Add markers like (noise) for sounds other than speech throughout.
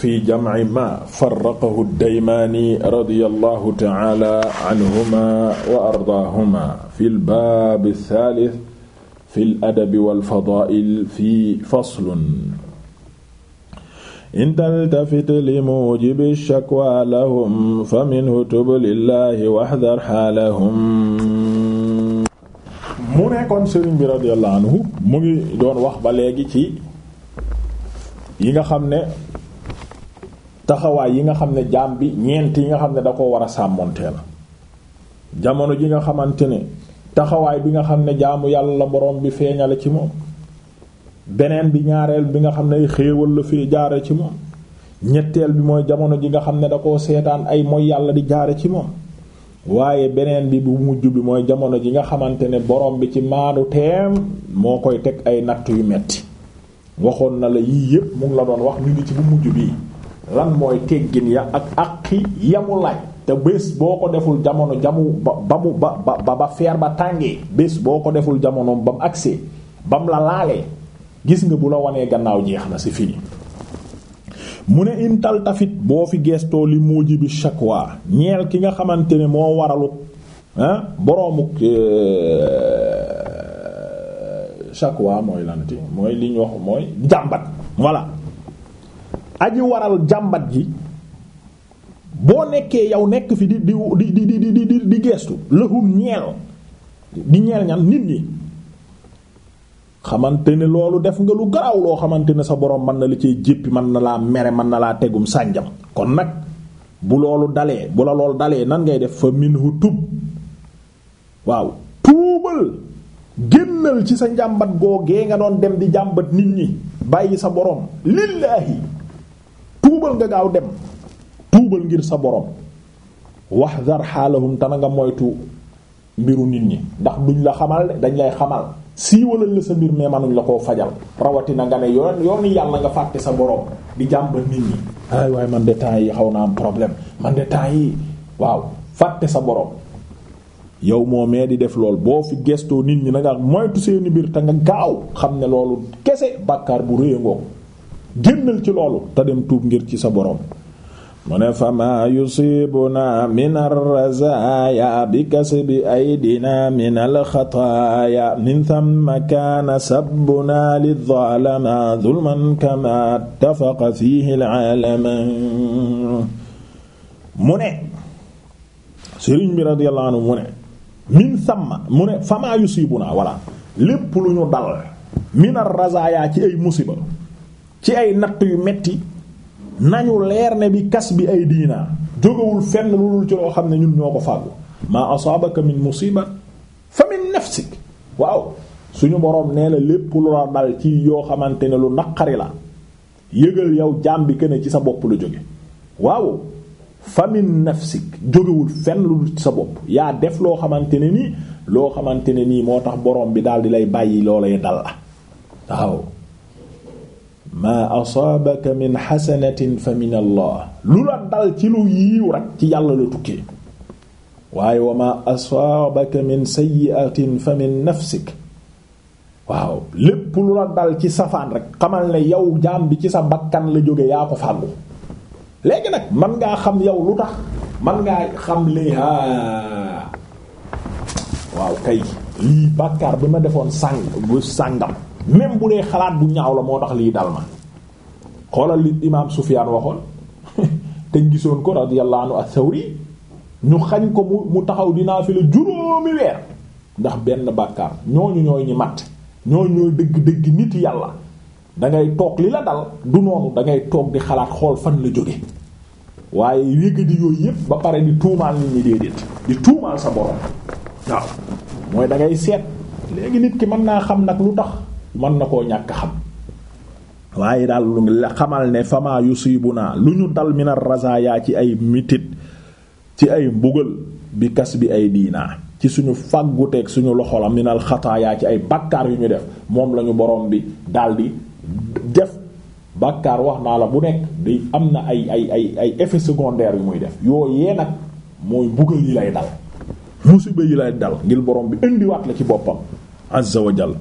fi jam'i ma farraqahu ad-Daymaani radiyallahu ta'ala anhuma wa ardaahuma fil baab ath-thaalith fil adabi wal fadaa'il fi faslun in taltafit li muujibi shakwa lahum fa minhu tub lillaahi wahdar xaalahum mu nekkoon sëriñ bi radiyallahu anhu mu ngi doon wax ba léegi ci yi nga xam ne taxawaay yi nga xam ne jaam bi ñeent yi nga xam ne da ko war a sàmmonte la jamono ji nga xamante ne taxawaay bi nga xam ne jaamu yàlla borom bi feeñale ci moom beneen bi ñaareel bi nga xam ne ay la fi jaare ci moom ñetteel bi mooy jamono ji nga xam ne da koo seetaan ay mooy yàlla di jaare ci moom waaye beneen bi bu mujj bi mooy jamono ji nga xamante ne borom bi ci maanu teem moo koy teg ay natt yu metti waxoon na la yii yépp mu ngi la doon wax ñu ngi ci bu mujj bii lan mooy teggin ya ak àqi yamu laaj te bés boo ko deful jamono jamu ba ba mu ba ba ba feer ba tàngee bés boo ko deful jamono ba mu agsee ba la laalee gis nga bu la wanee gannaaw jeex na c'est fini mu ne intal tafit boo fi gestoo li muuji bi shakwa ñeel ki nga xamante ne moo waralu boroomu chaque euh, shakwa mooy lanti mooy li ñu wax mooy jàmbat voilà aji waral jàmbat ji boo nekkee yow nekk fi di di di di di di di ñeel di ñeel ñan nit ñi xamante ne loolu def nga lu garaw loo xamante ne sa borom man na la cee jéppi man na laa mere mën na laa tegum sànjam kon nag bu loolu dalee bu la loolu dalee nan ngay def fa min minhu tub waaw tuubal génnal ci sa njàmbat googee nga doon dem di jàmbat nit ñi bàyyi sa boroom lillaahi tuubal nga gaaw dem tuubal ngir sa borom wax dar xaalahum te na nga moytu mbiru nit ñi ndax duñ la xamal dañ lay xamal siiwalal la sa mbir mais manuñ la koo fajal rawatina nga ne yoon yoon yàlla nga fàtte sa borom di jàmbal nit ñi ay waaye man de temps yi xaw na am problème man de temps yi waaw fàtte sa borom yow moo mee di def lool boo fi gestoo nit ñi na nga moytu seeni mbir te nga gaaw xam ne loolu kese bàkkaar bu rëy a génnal ci loolu te dem tuub ngir ci sa borom mu ne fama yusibuna min arrazaya bi kasbi aydina min alxataaya min thamma kaana sabbuna lidaalama zulman kama attafaqa fihi alalaman mu ne sëriñ bi radiyallahu anhu mu ne min thamma mu ne fama yusibuna walla lépp lu ñu dal min arrazaya ci ay musiba ci ay natt yu metti nañu leer ne bi kas bi ay diina jógewul fenn lu dul ci loo xam ne ñun ñoo ko fàggu maa asaabaka min musiba fa nafsik waaw suñu boroom nee na lépp lu la dal ci yoo xamante ne lu naqari la yëgal yow jaam bi kenn ci sa bopp la jóge waaw fa min nafsik jógewul fenn lu dul ci sa bopp yaa def loo xamante ne nii loo xamante ne nii moo tax boroom bi daal di lay bàyyi loo lay dal la maa asaabaka min xasanatin fa min allah lu la dal ci lu yiiw rekk ci yàlla la tukkee waaye wa maa asaabaka min sayyi'atin fa min nafsik waaw lépp lu la dal ci safaan rekk xamal na yow jaam bi ci sa bakkan la jóge yaa ko fàggu léegi nag man ngaa xam yow lu tax man ngaa xam li haa waaw kay lii bàkkaar bi ma defoon sàng bu sàngam même bu dee xalaat bu ñaaw la moo tax lii dal ma xoolal li imaam Sufyaan waxoon (laughs) te gisoon ko radiyallahu anhu as-Sawri ñu xañ ko mu mu taxaw dinaa fi la juróomi weer ndax benn bàkkaar ñooñu ñooy ñi mat ñooñu ñooy dëgg-dëgg nit yàlla da ngay toog li la dal du noonu da ngay toog di xalaat xool fan la jóge waaye yëg di yooyu yépp ba pare di tuumaal nit ñi déedéet di tuumaal sa borom waaw mooy da seet léegi nit ki mën naa xam nag lu tax. mën na koo ñàkk xam waaye daal lu xamal ne fama naa lu ñu dal mina yaa ci ay mitit ci ay mbugal bi kas bi ay diina ci suñu fàgguteeg suñu loxo la minal yaa ci ay bàkkaar yu ñu def moom lañu borom bi daldi def bàkkaar wax naa la bu nekk di am na ay ay ay ay effet secondaire yu muy def yooyee nag mooy mbugal yi lay dal musiba yi lay dal ngir borom bi indiwaat la ci boppam azza wa jalla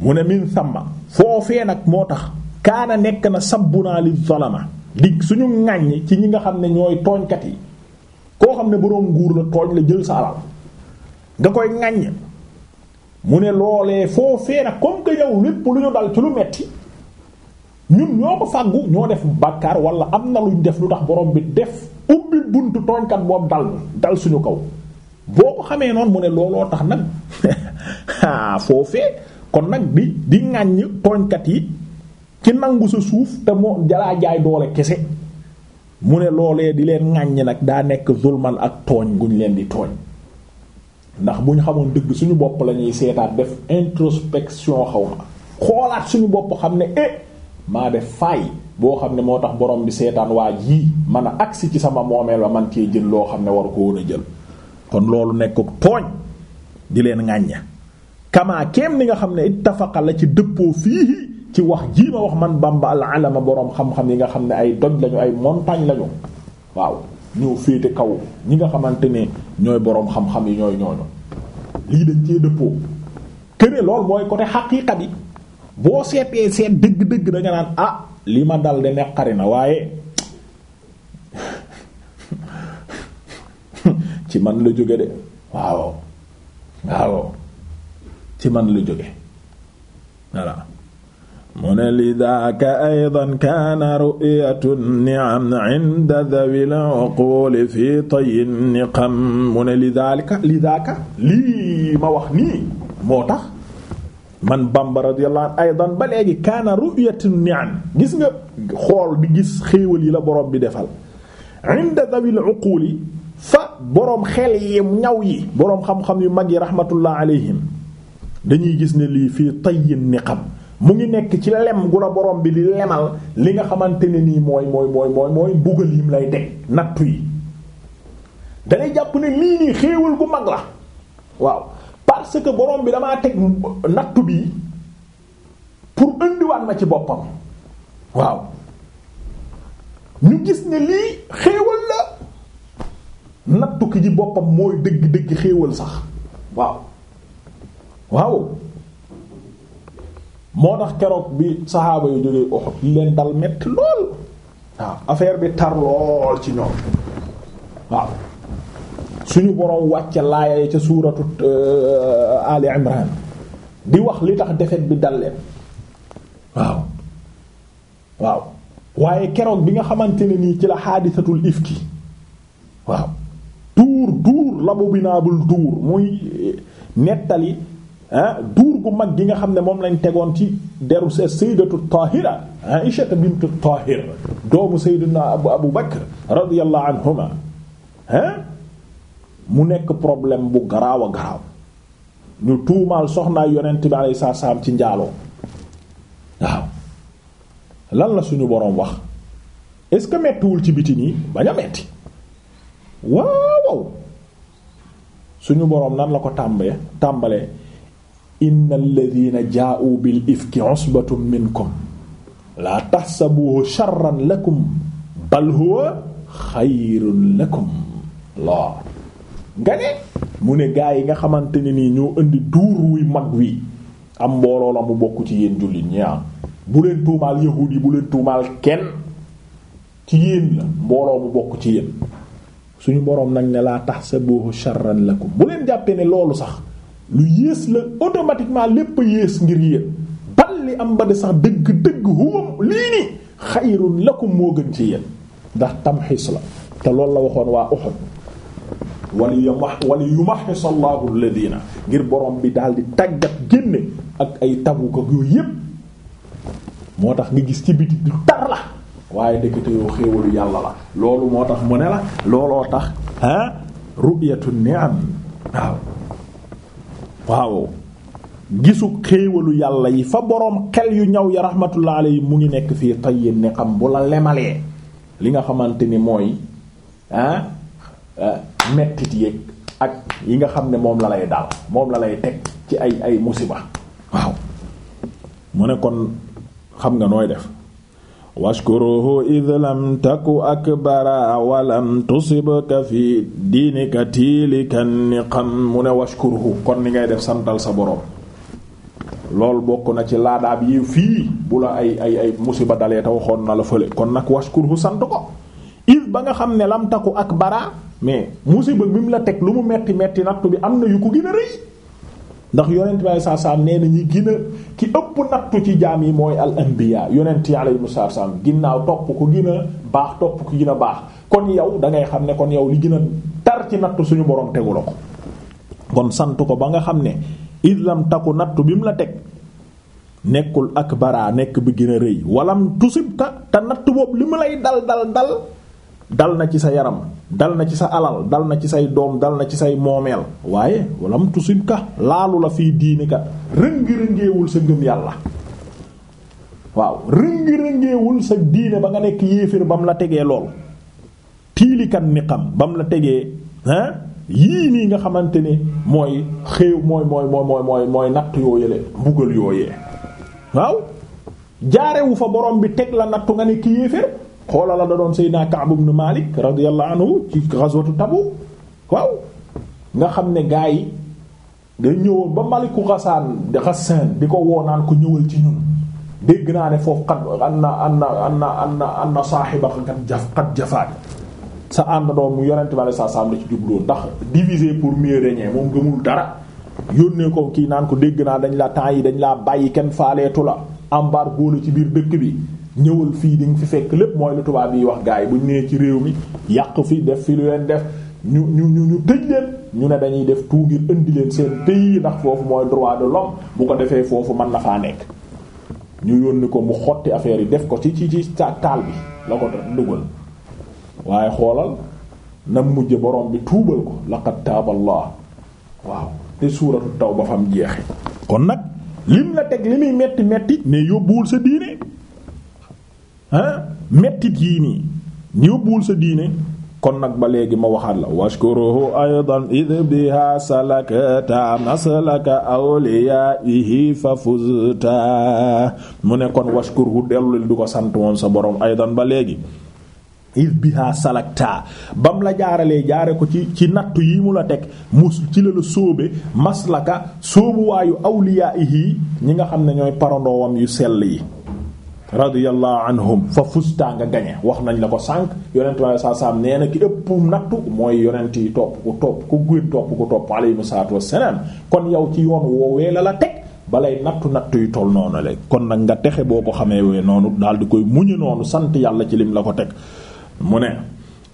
mu ne min samma foofee nag moo tax kaana nekk na sabbunaa li zalama di suñu ŋàññ ci ñi nga xam ne ñooy tooñkat yi koo xam ne boroom nguur la tooñ la jël sa alal nga koy ŋàññ mu ne loolee foofee nag comme que yow lépp lu ñu dal ci lu metti ñun ñoo ko fàggu ñoo def bàkkaar wala am na luñ def lu tax borom bi def ubbi buntu tooñkat boobu dal dal suñu kaw boo ko xamee noonu mu ne looloo tax nag (laughs) foofee kon nag bi di ŋàññ tooñkat yi ci nangu sa suuf te moo jalaa jaay doole kese mu ne loolee di leen ŋàññ nag daa nekk zulman ak tooñ guñ leen di tooñ ndax bu ñu xamoon dëgg suñu bopp lañuy ñuy seetaat def introspection xaw ma xoolaat suñu bopp xam ne eh maa def faay boo xam ne moo tax borom bi seetaan waa yii man a agsi ci sama moomeel ba man cee jël loo xam ne waru ko woon a jël kon loolu nekk tooñ di leen ŋàñña kamaa keem ni nga xam ne ittafaqa la ci dëppoo fii ci wax jii ma wax man Bamba al alama boroom xam-xam yi nga xam ne ay doj lañu ay montagne lañu waaw ñoo féete kaw ñi nga xamante ne ñooy boroom xam-xam yi ñooy ñooñu lii dañ cee dëppoo këne lool mooy côté xaqiiqa yi boo seetee seet dëgg-dëgg da nga naan ah li ma dal de neqari na waaye (laughs) ci man la jóge de waaw waaw ci man la jóge voilà mu ne li daaka aydan kaana ru'yatu ni'am 'inda dhawil 'uqul fi tayyin niqam mu ne li daalika li daaka lii ma wax nii moo tax man Bamba radiyallahu anhu aydan ba léegi kaana ru'yatu ni'am gis nga xool di gis xéewal yi la borom bi defal 'inda dhawil 'uqul fa borom xel yi ñaw yi borom xam-xam yu mag yi rahmatullah alayhim dañuy gis ne lii fii tayyin niqab mu ngi nekk ci lem gu la borom bi di lemal li nga xamante ne nii mooy mooy mooy mooy mooy mbugal yim lay teg nattu yi dangay jàpp ne lii nii xéewal gu mag la waaw parce que borom bi damaa teg nattu bi pour indiwaat ma ci boppam waaw ñu gis ne lii xéewal la nattu ki ci boppam mooy dëgg-dëgg xéewal sax waaw waaw moo tax keroog bi saxaaba yu jógee Uhud leen dal metti lool waaw affaire bi tar lool ci ñoom waaw suñu boroom wàcce laaya ca suuratu euh, Ali Imran di wax li tax defet bi dal leen waaw waaye keroog bi nga xamante ne nii ci la xaadisatul ifki waaw duur duur labu binaabul duur muy euh, nettali duur gu mag gi nga xam ne moom lañ tegoon ci deru sayyidatu tahira Aisha bintu tahir doomu sayyidina abu abu bakr anhuma mu nekk problème bu garaaw a garaaw ñu tuumaal soxnaa yonent bi alayhi salaam ci njaaloo waaw lan la suñu boroom wax est-ce que mettiwul ci biti nii bañ a metti waaw suñu boroom nan la ko tàmbalee tàmbalee innal ladina jaa'u bil ifki usbatun minkum laa tahsabuhu sharran lakum bal huwa xayrun lakum laa nga ne mu ne gaa yi nga xamante ni nii ñoo indi duur wuy mag wi am mbooloo la mu bokk ci yéen jullit ñi ah. bu leen tuumaal yahuud yi bu leen tuumaal kenn ci yéen la mbooloo mu bokk ci yéen suñu boroom nag ne laa tahsabuhu sharran lakum bu leen jàppee ne loolu sax lu yées la automatiquement lépp yées ngir yéen bal li am ba sax dëgg-dëgg huwa lii nii xayrun lakum moo gën ci yéen ndax tamxiis la te loolu la waxoon waa Uhud wali yumaxis allahu alladina ngir borom bi daal di tàggat génne ak ay tabu ko yooyu yépp moo tax nga gis ci biti du tar la waaye ndekete yoo xéewalu yàlla la loolu moo tax mu ne la looloo tax ah ru'yatu ni'am waaw waaw gisu xéewalu yàlla yi fa boroom xel yu ñaw ya rahmatullah yi mu ngi nekk fii tayyin ne xam bu la lemalee li nga xamante ni mooy ah, ah mettit yéeg ak yi nga xam ne moom la lay daal moom la lay teg ci ay ay musiba waaw mu ne kon xam nga nooy def washkuruhu id lam taku akbara walam tusibka fi diinika tiilikan niqam mu ne washkuruhu kon ni ngay def santal sa borom loolu bokk na ci laadaab yi fii bu la ay ay ay musiba dalee te waxoon na la fële kon nag washkuruhu sant ko id ba nga xam ne lam taku akbara mais musiba bi mu la teg lu mu metti metti nattu bi am na yu ko gën a rëy ndax yonent bi saa nee na ñi gën a ki ëpp nattu ci jaam yi mooy al anbiya yonent yi alayhi salaam ginnaaw topp ko gën a baax topp ko gën a baax kon yow da ngay xam ne kon yow li gën a tar ci nattu suñu borom tegu la ko. kon sant ko ba nga xam ne islam takku nattu bi mu la teg nekkul akbara nekk bi gën a rëy walam tusib ka te nattu boobu li mu lay dal dal dal. dal na ci sa yaram dal na ci sa alal dal na ci say doom dal na ci say moomeel waaye walam tusib ka laalu la fii diini ka rëngi-rëngeewul sa ngëm yàlla waaw rëngi-rëngeewul sa diine ba nga nekk yéefér ba mu la tegee lool tiilikan niqam ba mu la tegee ah yii nii nga xamante ni mooy xéew mooy mooy mooy mooy mooy mooy natt yooyele mbugal yooyee waaw jaarewu fa borom bi teg la nattu nga nekk yéefér xoola la da doon Seydina Ka'b ibn Malik radiyallahu anhu ci ghazwatu Tabuk waaw nga xam ne gaa yi da ñëwoon ba maliku Ghassan Ghassan di ko woonaan ko ñëwal ci ñun dégg naa ne foofu xat an na an na an na an na xat jafaat sa ànd doon mu yonente bi saa saam la ci jubloon ndax diviser pour mieux régner moom gëmul dara yónnee ko kii naan ko dégg naa dañ la temps yi dañ la bàyyi kenn faaleetu la embargo la ci biir dëkk bi ñëwal fii di nga fi fekk lépp mooy lu tubaab yi wax gars yi buñ nee ci réew mi yàq fi def fi lu leen def ñu ñu ñu ñu tëj leen ñu ne dañuy def tout ngir indi leen seen pays ndax foofu mooy droit de l'homme bu ko defee foofu man na faa nekk. ñu yónni ko mu xotti affaire yi def ko ci ci ci taal bi la ko dugal waaye xoolal na mujj borom bi tuubal ko laqad taaballah waaw te suuratu tawba fam jeexe kon nag lim la teg li muy metti metti ne yóbbuwul sa diine. mettit yii nii yóbbuwul sa diine kon nag ba léegi ma waxaat la washkuruhu aydan id biha salakta maslaka awliyaihi fa fuzta mu ne kon washkuruhu dellul du ko sant woon sa borom aydan ba léegi id biha salakta bam la jaaralee jaare ko ci ci nattu yi mu la teg mu ci la la sóobe maslaka sóobuwaayu awliyaihi ñi nga xam ne ñooy parandoowam yu sell yi radiyallahu anhum fa fusta nga gañe wax nañ la ko sànq yonent waaye saa saam nee na ki ëpp nattu mooy yonent yi topp ku topp ku gën topp ku topp alayhi salaatu wassalaam kon yow ci yoon woowee la la teg balay nattu nattu yu toll noonu la kon nag nga texe boo ko xamee wee noonu daal di koy muñu noonu sant yàlla ci lim la ko teg mu ne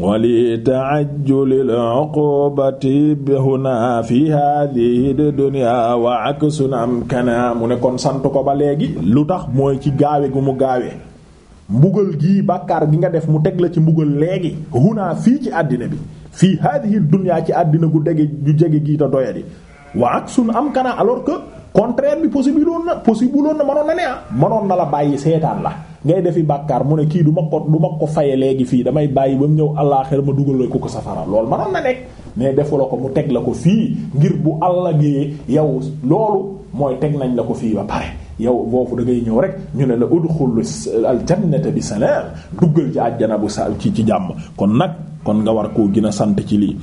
wali taajjuli al-uqubati huna fi hadhihi dunya wa aksun amkana mu ne kon sant ko ba léegi lu tax mooy ci gaawe gu mu gaawee mbugal gii bàkkaar gi nga def mu teg la ci mbugal léegi huna fii ci àddina bi fii hadhihi dunya ci àddina gu dege gu jege gii ta doyadi wa aksun sunu am que contraire bi possible woon na possible woon na mënoon na ne ah, mënoon na la bàyyi seetaan la ngay defi bàkkaar mu ne kii du ma ko du ma ko faye léegi fii damay bàyyi ba mu ñëw àllaaxira ma dugal ko ko safara loolu mënoon na nekk mais defu ko mu teg la ko fii ngir bu àll gi yow loolu mooy teg nañ la ko fii ba pare yow boofu da ngay ñëw rek ñu ne la xul udxul aljannata bi salaam duggal ci àjjana bu sa ci ci jàmm kon nag kon nga war koo gën a sant ci lii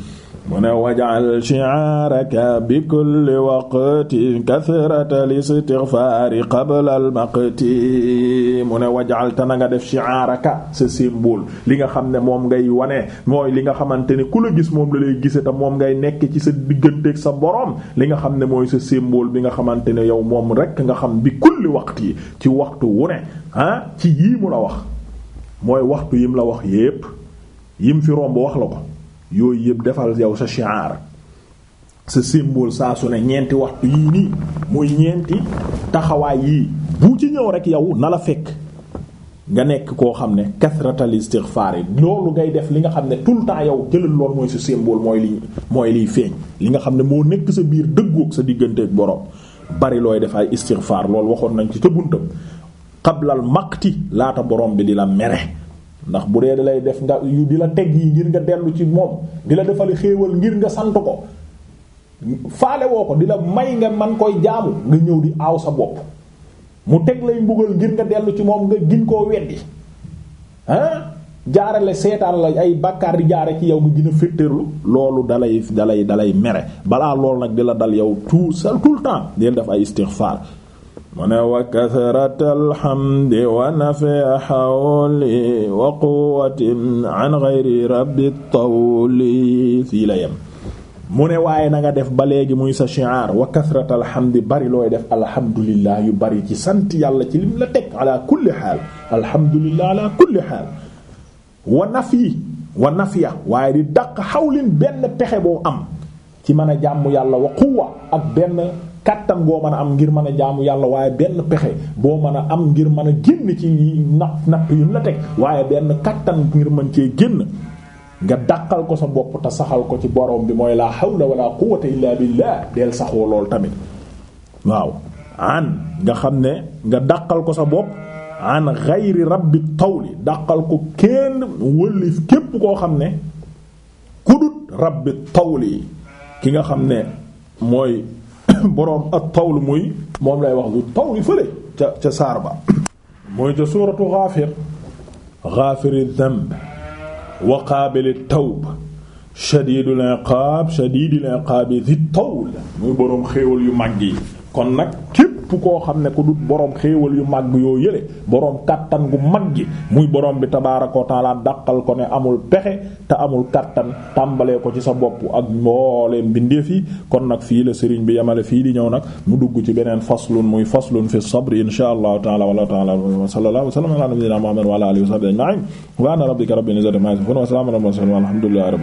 mu ne wajal shi'araka bi kulli waqti kasratal istighfari qabla al maqti mu ne wajal te na nga def shi'araka sa symbole li nga xam ne moom ngay wane mooy li nga xamante ne ku la gis moom la lay gise te moom ngay nekk ci sa digganteeg sa borom li nga xam ne mooy sa symbole bi nga xamante ne yow moom rekk nga xam bi kulli yi ci waxtu wu ne ah ci yii mu la wax mooy waxtu yim la wax yépp yim fi romb wax la ko yooyu yëpp defal yow sa shi'ar sa symbole saa su ne ñeenti waxtu yii nii muy ñeenti taxawaay yii bu ci ñëw rek yow na la fekk nga nekk koo xam ne kasratal istighfar yi loolu ngay def li nga xam ne tout le temps yow jëlal lool mooy sa symbole mooy li mooy liy feeñ li nga xam ne moo nekk sa biir dëggoog sa digganteeg borom bari looy def ay istighfar loolu waxoon nañ ci ca buntam qablal maqti laata borom bi di la mere ndax bu dee da lay def nga di la teg yi ngir nga dellu ci moom di la defali xéewal ngir nga sant ko faale woo ko di la may nga man koy jaamu nga ñëw di aaw sa bopp mu teg lay mbugal ngir nga dellu ci moom nga gin koo weddi ah jaarale seetaan la ay bàkkaar di jaare ci yow nga gën a féttérlu loolu dalay dalay dalay mere balaa loolu nag di la dal yow tout seul tout le temps deel def ay istighfar mu ne wa kathrata alhamdi wa nafea xawli wa quwatin la yem mu waaye nanga def ba léegi muy sa shi'ar wa kathrata bari looy def alhamdulillah yu bari ci sant yàlla ci lim la teg ala kulli xaal alhamdulillah waaye di daq xawlin benn pexe boo am ci mën a jàmm yàlla wa quwa ak benn kàttan boo mën a am ngir mën a jaamu yàlla waaye benn pexe boo mën a am ngir mën a génn ci napp napp yu la teg waaye benn kàttan ngir mën cee génn nga dàqal ko sa bopp te saxal ko ci borom bi mooy laa hawla wala quwwata illaa billah deel saxoo lool tamit waaw an nga xam ne nga dàqal ko sa bopp an xayri rabbi tawli dàqal ko kenn wëlif képp koo xam ne kudut rabbi tawli ki nga xam ne mooy (coughs) boroom ak tawl muy moom lay wax du tawl fële ca ca saar ba (coughs) mooy ca suuratu Gaafir gaafiri damb wa qaabili tawb shadiidul iqaab shadiidul iqaab di tawl muy boroom xéewal yu mag yi kon nag képp koo xam ne ku dut borom xéewal yu màgg yoo yële borom kattan gu mag gi muy borom bi tabaaraka wa taala dàqal ko ne amul pexe te amul kattan tàmbalee ko ci sa bopp ak mbooleem bindeef yi kon nag fii la sëriñ bi yemale fii di ñëw nag mu dugg ci beneen faslun muy faslun fi sabri insha allahu taala wala taala wa sallallahu wa sallam ala nabiyyina muhammad wa ala alihi wa sahbihi ajma'in wa ana rabbika rabbil izzati amma yasifun wa salamun